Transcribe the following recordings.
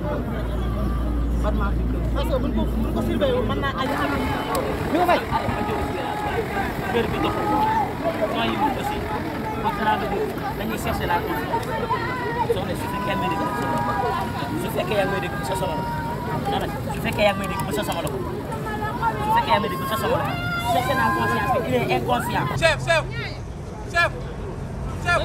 parce que buñ ko buñ ko surveillé woon mën naa àgg ak. ñu ko fay. kër gi doxul ñoo yëngu aussi wax dañuy chercher la soxna su fekkee yaa ngi may dégg su fekkee yaa ngi may dégg bu sa sama la dana su fekkee yaa ngi may dégg bu sa sama la ko su fekkee yaa ngi may dégg bu sa sama la chercher naa conscience bi il est inconscient. chef chef chef chef.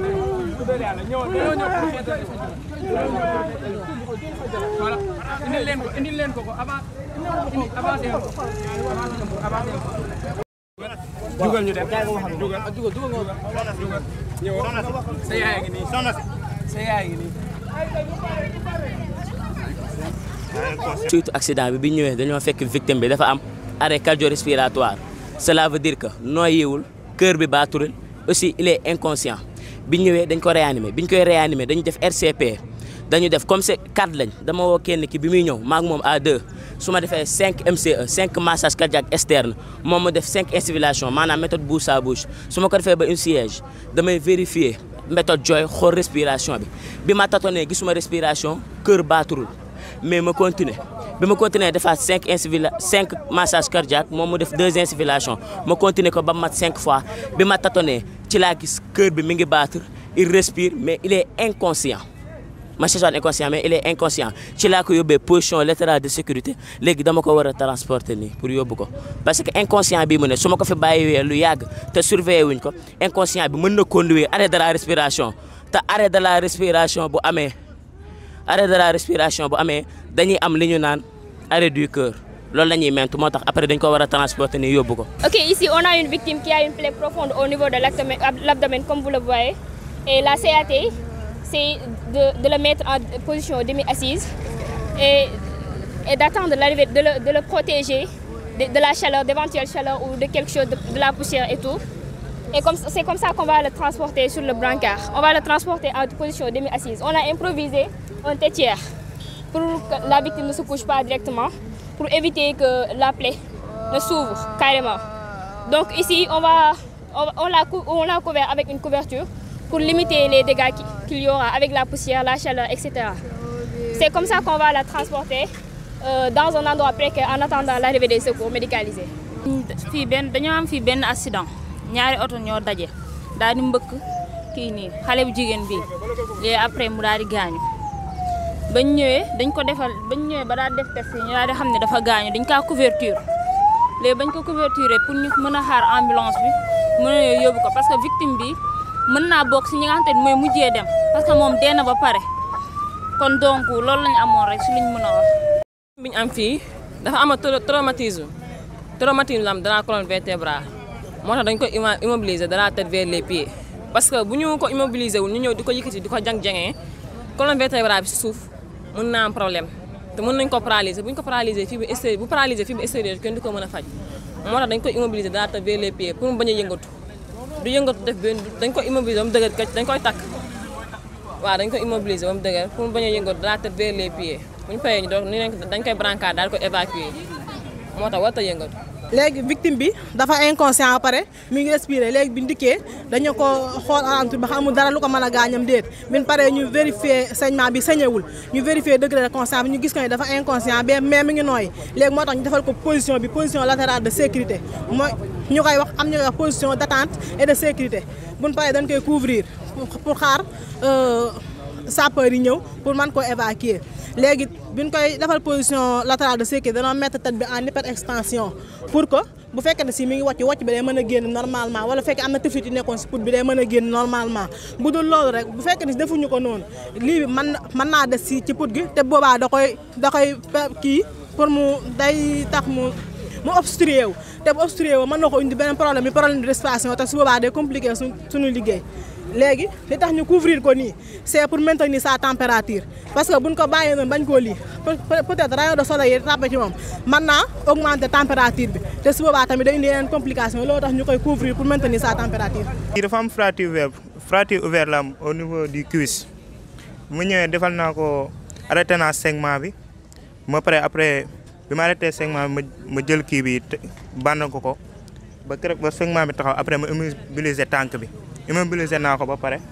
indil leen bi bi ñëwee dañoo fekk victime bi dafa am arrêt cardio-respiratoire cela veut dire que nooy yiwul bi baaturul aussi il est inconscient biñ ñëwé dañ ko réanimé biñ koy réanimé dañu def RCP dañu def comme c'est quatre lañ dama wo kenn ki bi à deux MCE e, cinq massages cardiaques externe def cinq insufflation manam méthode bouche à bouche suma ko siège vérifier méthode Joy respiration bi bi ma tatoné gisuma respiration cœur batroul, mais ma continuer je continue continuer faire 5 massages cardiaques, massage cardiaque Je continue def faire 5 fois Je ma ci cœur bi il respire mais il est inconscient Je suis inconscient mais il est inconscient ci laa ko pochons, position latérale de sécurité léegi dama ko war transporter pour yóbbu parce que l'inconscient, si je fais su ma ko fi bàyyiwee lu yàgg te surveiller wuñ ko inconscient bi conduire de la respiration te de la respiration bu arrêt de la respiration bu amé am arrêt du cœur après dañ ko transporter ni ok ici on a une victime qui a une plaie profonde au niveau de l'abdomen comme vous le voyez et la CAT c'est de le mettre en position demi-assise et et d'attendre l'arrivée de le de le protéger de, la chaleur d'éventuelle chaleur ou de quelque chose de, la poussière et tout et comme c'est comme ça qu'on va le transporter sur le brancard on va le transporter en position demi-assise on a improvisé un tétière pour que la victime ne se couche pas directement, pour éviter que la plaie ne s'ouvre carrément. Donc ici, on, va, on, l'a, on l'a couvert avec une couverture pour limiter les dégâts qu'il y aura avec la poussière, la chaleur, etc. C'est comme ça qu'on va la transporter euh, dans un endroit précaire en attendant l'arrivée des secours médicalisés. fi Il y am eu un accident ñaari auto ñoo dajé daal ni mbëkk kii bu bi après mu daal di bañ ñëwee dañ ko defal bañ ñëwee ba daa def test yi ñu daal di xam ne dafa gaañu dañ kaa couverture léegi bañ ko couverture pour ñu mën a xaar ambulance bi mën a yóbbu ko parce que victime bi mën naa bokk si ñi nga xamante dem parce que moom dee na ba pare kon donc loolu lañu amoon rek mën a wax. bi ñu am fii dafa am traumatisme traumatisme la am dans la colonne vertébrale moo tax dañ ko immobiliser de la tête vers les pieds parce que bu ñu ko immobiliser wul ñu ñëw di ko yëkkati di ko jang jangee colonne vertébrale bi si suuf. mën naa am problème te mën nañ ko paralyser bu ñu ko paralyser fibre extérieure bu paralyser fibre extérieure kenn du ko mën a faj moo tax dañ ko immobiliser daal ta vers les pieds a yëngatu du yëngatu def benn dañ ko immobiliser ba mu dëgër dañ koy takk waaw dañ ko immobiliser ba mu dëgër pour mu bañ a yëngatu daal ta vers les pieds bu ñu paree ñu doon dañ koy brancard daal ko évacuer moo tax warut ta yëngatu. léegi victime bi dafa inconscient après mi ngi respirer léegi bi ndiké dañu ko xool alentour ba xamul dara luko ko mën a gaañam déet ñu vérifier saignement bi sañewul ñu vérifier degré de conscience bi ñu gis ko dafa inconscient bé mais mi ngi noy léegi motax ñu défal ko position bi position latérale de sécurité mooy ñu koy wax am ñu wax position d'attente et de sécurité buñ paree dañ koy couvrir pour xaar euh, sapeur yi ñëw pour man ko évacuer léegi bi ñu koy defal position latérale de sécurité danoo mettre tête bi en hyper extension pour que bu fekkee ne si mi ngi wàcc wàcc bi day mën a génn normalement wala fekkee am na tiflit yi nekkoon si put bi day mën a génn normalement bu dul loolu rek bu fekkee ne defuñu ko noonu lii bi man mën naa des si ci put gi te boobaa da koy da koy kii pour mu day tax mu mu obstrué wu te bu obstrué wu mën na ko indi beneen problème bi problème de respiration te su boobaa day compliqué suñu suñu liggéey léegi li tax ñu couvrir ko nii c'est pour maintenir sa température parce que buñ ko bàyyee noonu bañ koo lii peut-être rayon de soleil yi tàppe ci moom naa augmenter température bi te su boobaa tamit day indi yeneen complication loolu tax ñu koy couvrir pour maintenir sa température. kii dafa am fracture ouverte fracture ouverte am au niveau du cuisse mu ñëwee defal naa ko arrêté naa segment bi ma pare après bi ma arrêté segment bi ma jël kii bi bànn ko ko ba keroog ba segment bi taxaw après ma immobiliser tànk bi. immobilisé na ko ba paré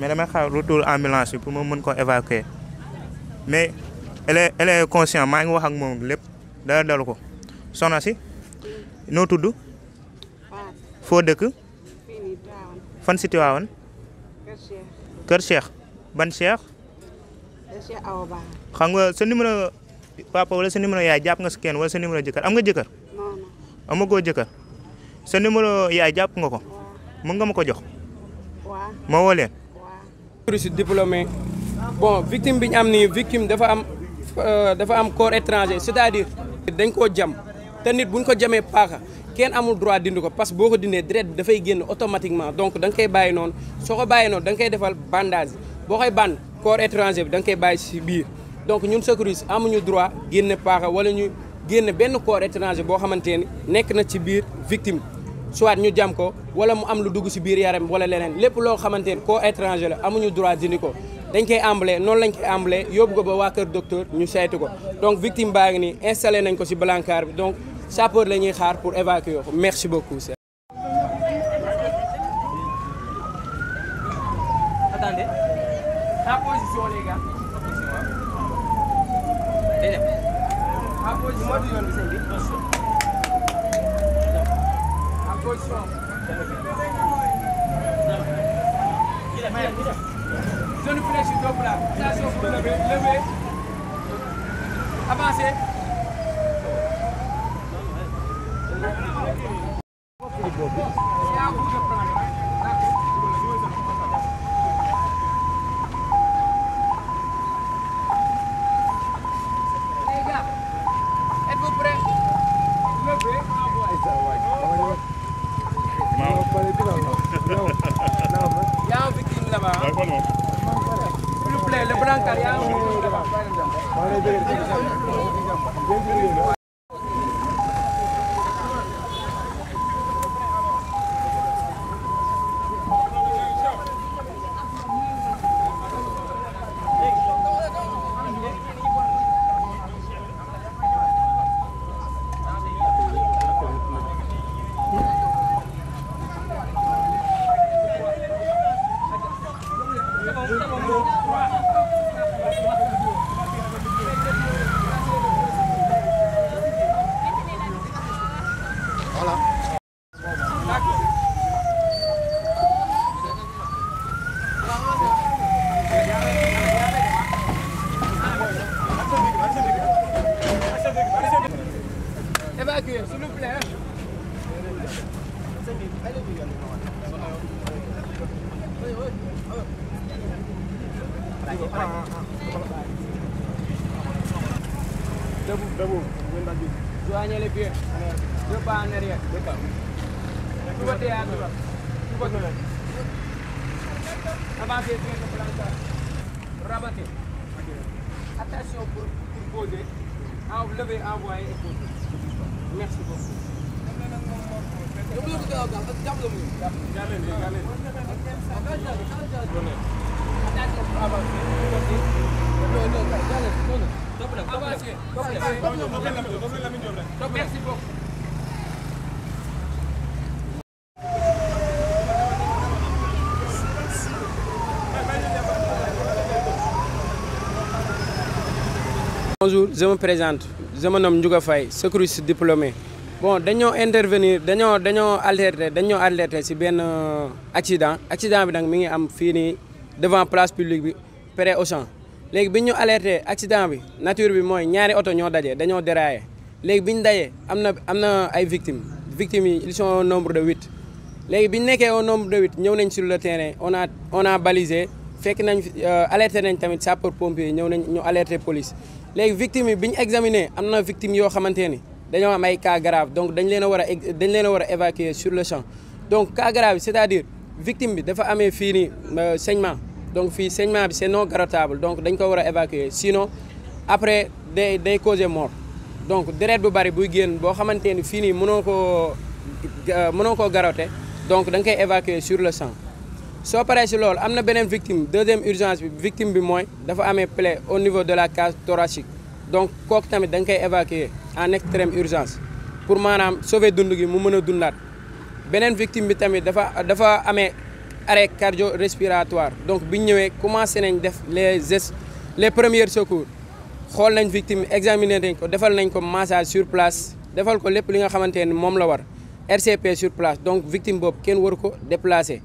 mais dama xaw retour ambulance pour mo meun ko évacuer mais elle est elle est conscient ma ngi wax ak mom lepp da la dalu ko soxna si no tuddu fo deuk fan si tiwawon keur cheikh ban cheikh xam nga sa numéro papa wala sa numéro yaay japp nga si wala sa numéro jëkkër am nga non non amagoo jëkkër sa numéro yaay japp nga ko mën nga mako jox ma woo leen. diplômé bon victime biñ ñu am ni victime dafa am euh, dafa am corps étranger c'est-à-dire dañ ko jam té nit buñ ko jamee paaka kenn amul droit dindu ko parce boko boo ko da fay génn automatiquement donc dang kay bayé non soko bayé non dang kay défal bandage boo koy band corps étranger bi da nga koy bàyyi si biir donc ñun secouriste amuñu droit génne paaka wala ñu génne benn corps étranger bo xamanténi nek na ci biir victime soit ñu jam ko wala mu am lu dugg ci biir yaram wala leneen lepp lo xamantene ko étranger la amuñu droit dindi ko dañ koy amblé non lañ koy amblé yóbbu ko ba wa keur docteur ñu saytu ko donc victime baa ngi nii installé nañ ko ci blancard bi donc sapeur lañuy xaar pour évacuer merci beaucoup zone de sur deux bras. Station pour lever, lever. Avancez. C'est à vous de S'il vous a 在我们这边。Debout, debout, Joignez les pieds. Deux pas en arrière. Deux pas. Tout côté à droite. Avancez, très bien, planter. Rabattez. Attention pour, poser. Enlevez, envoyez et poser. Merci beaucoup. Jangan lupa untuk Merci beaucoup. Bonjour, je me présente. Je m'appelle nomme Faye, secouriste diplômé. Bon, nous intervenir dañoo dañoo alerté dañoo alerté euh, accident accident bi fini mi ngi am place publique près au champ léegi bi ñu alerté accident bi nature bi moy ñaari auto ñoo dajé dañoo déraillé Légui biñ ñu amna amna ay victimes victimes ils sont au nombre de 8. Légui biñ ñu au nombre de 8 ñew nañ sur le terrain on a on a balisé fekk nañ euh, alerté nañ tamit sapeur pompier ñew nañ ñu alerté police Légui victimes biñ bi ñu examiné am victimes yo xamanténi ni dañoo am ay cas grave donc dañ leena wara war a dañ leen a évacuer sur le champ donc cas grave c'est-à-dire victime bi dafa amé fini euh, saignement donc fii saignement bi c'est non grattable donc dañ ko évacuer sinon après des causes causer mort donc deret bu bari buy génn boo xamante ni fini, nii mënoo koo euh, donc da nga évacuer sur le sang Sur paree si loolu am na une victime deuxième urgence victime bi mooy dafa amee plaie au niveau de la cage thoracique donc kooku tamit évacuer en extrême urgence pour maanaam sauver dund gi mu mën a dundaat victime bi tamit dafa dafa arrêt cardio-respiratoire donc bi ñu ñëwee commencé nañ def les les premiers secours xool nañ victime examiner nañ ko defal nañ ko massage sur place defal ko lépp li nga xamante ne moom la war RCP sur place donc victime bob kenn waru ko déplacé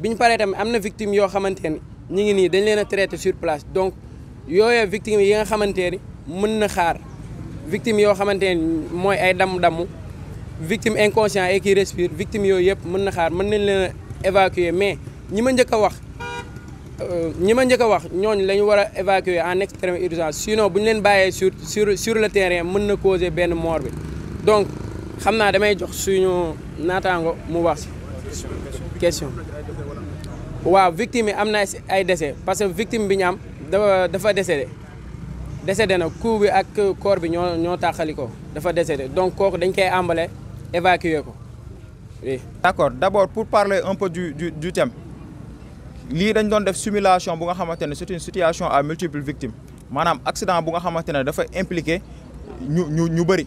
bi ñu paree tamit victime yoo xamante ne ñu ngi dañ sur place donc yooyee victime yi nga xamante ni mën na xaar victime yo xamante moy ay dam damm victime inconscient et qui respire victime yo yëpp mën na xaar mën nañ leena évacuer mais ñi ma njëkk a wax euh, ñi ma njëkk a wax ñooñu la ñu war a évacuer en extrême urgence sinon bu ñu leen bàyyee sur sur sur le terrain mën na causer benn mort bi donc xam naa damay jox suñu naataango mu wax question waaw victime yi am na ay décès parce que victime bi ñu am dafa dafa décédé décédé na coup bi ak koor bi ñoo ñoo tàqali ko dafa décédé donc kooku dañ koy àmbale évacuer ko Oui. D'accord. D'abord, pour parler un peu du, du, du thème, Li dañ doon def simulation bu nga xamante ne c'est une situation à multiples victimes maanaam accident bu nga xamante ne dafa impliqué ñu ñu ñu bëri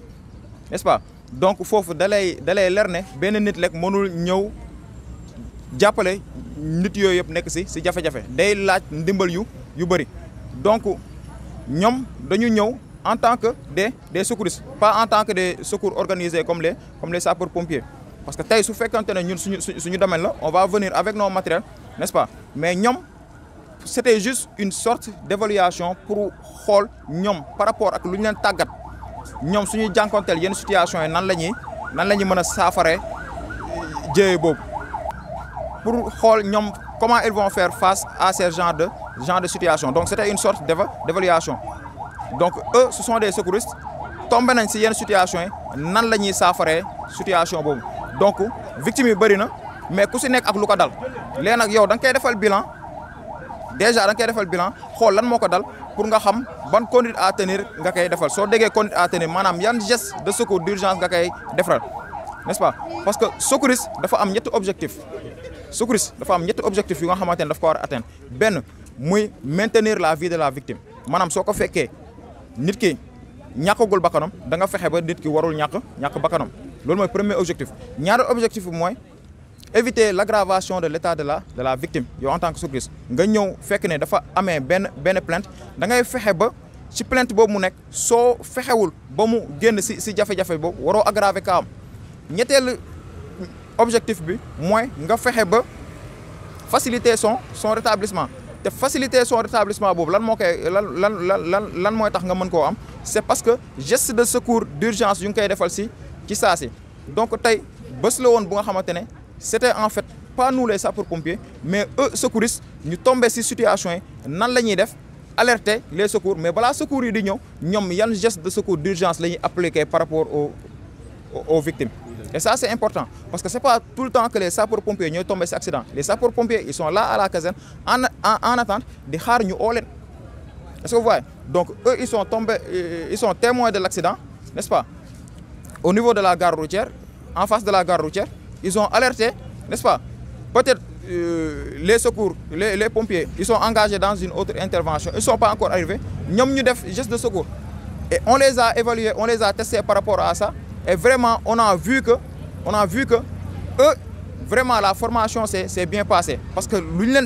n'est-ce pas donc foofu da lay da lay leer ne benn nit rek mënul ñëw jàppale nit yooyu yëpp nekk si si jafe-jafe day laaj ndimbal yu yu bëri donc ñoom dañu ñëw en tant que des des secouristes pas en tant que des secours organisés comme les comme les sapeurs-pompiers parce que si su fekkante domaine on va venir avec nos matériels n'est-ce pas mais nous, c'était juste une sorte d'évaluation pour voir nous, par rapport à ce que nous fait. ñoom Nous, avons une situation et nan la fait nan situation ñuy mën a saafare euh, pour voir comment ils vont faire face à ce genre de genre de situation donc c'était une sorte d'évaluation donc eux ce sont des secouristes Tombent dans une situation nous nan fait une situation donc victime yi bëri na mais ku si nekk ak lu dal léegi nag yow dang nga koy defal bilan déjà dang nga koy defal bilan xol lan moko dal pour nga xam ban conduite à tenir nga kay defal so déggee conduite à tenir manam yan geste de secours d'urgence nga kay defaral n'est-ce pas parce que secouriste dafa am ñetti objectif secouriste dafa am ñetti objectif yu nga xamantene ne daf ko wara atteindre ben muy maintenir la vie de la victime manam soko ko nit ki ñakagul bakanam da nga fexé ba nit ki warul ñak ñak bakanam loolu mooy premier objectif Deuxième objectif bi éviter l'aggravation de l'état de la de la victime yo, en tant que surprise nga ñew fekk ne dafa amé ben ben plainte da ngay fexé ba ci plainte bobu mu so soo fexewul ba mu génn si si jafé jafé bobu waro aggraver ka am ñetteelu objectif bi moy nga fexé ba faciliter son son rétablissement te faciliter son rétablissement bobu lan mo koy lan lan lan lan moy tax nga mën ko am C'est parce que geste de secours d'urgence, yu ngi koy defal si qui ça c'est donc ce que nous avons bu c'était en fait pas nous les sapeurs-pompiers mais eux secouristes nous sommes tombés situation cette nan nous def les secours mais voilà, secours yi nous avons ñoom un geste de secours d'urgence la par rapport aux aux victimes et ça c'est important parce que ce n'est pas tout le temps que les sapeurs-pompiers sont tombés sur accident les sapeurs-pompiers ils sont là à la caserne en en attente di xaar ñu est-ce que vous voyez donc eux ils sont tombés euh, ils sont témoins de l'accident n'est-ce pas au niveau de la gare routière, en face de la gare routière, ils ont alerté, n'est-ce pas Peut-être euh, les secours, les, pompiers, ils sont engagés dans une autre intervention. Ils ne sont pas encore arrivés. Ils ont fait gestes de secours. Et on les a évalués, on les a testés par rapport à ça. Et vraiment, on a vu que, on a vu que eux, vraiment, la formation s'est bien passée. Parce que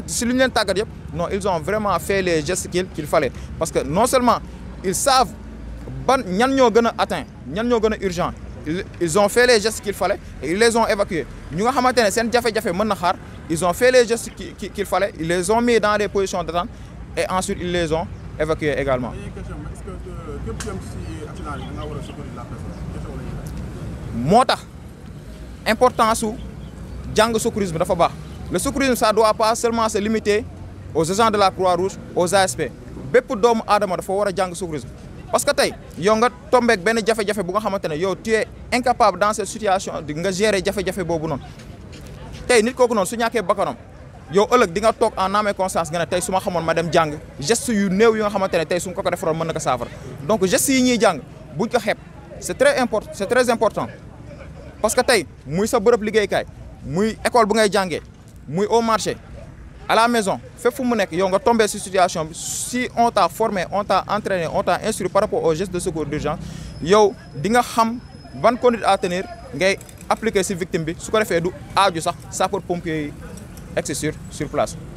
si l'Union Tagadiep, non, ils ont vraiment fait les gestes qu'il fallait. Parce que non seulement ils savent ban atteint urgent ils ont fait les gestes qu'il fallait et ils les ont évacués Nous avons ils ont fait les gestes qu'il fallait ils les ont mis dans des positions d'attente et ensuite ils les ont évacués également. Euh, Mota Important importance le secourisme ça doit pas seulement se limiter aux agents de la Croix-Rouge aux ASP Beaucoup parce que tay, de nga tu es incapable dans cette situation nga gérer jafé jafé gérer les Tay, nit es non, su gérer les yow Tu di nga tok en âme ne suma gérer ma geste yu donc geste yi incapable c'est très important, c'est très important parce que tay, muy sa gérer les muy école bu ngay de au marché à la maison fépp fu mu nekk cette nga situation si on t'a formé on t'a entraîné on t'a instruit par rapport aux gestes de secours d'urgence yow di nga ban conduite à tenir appliquer ci victime Ce qu'on ko fait du aaju sax sapeur pompier sur place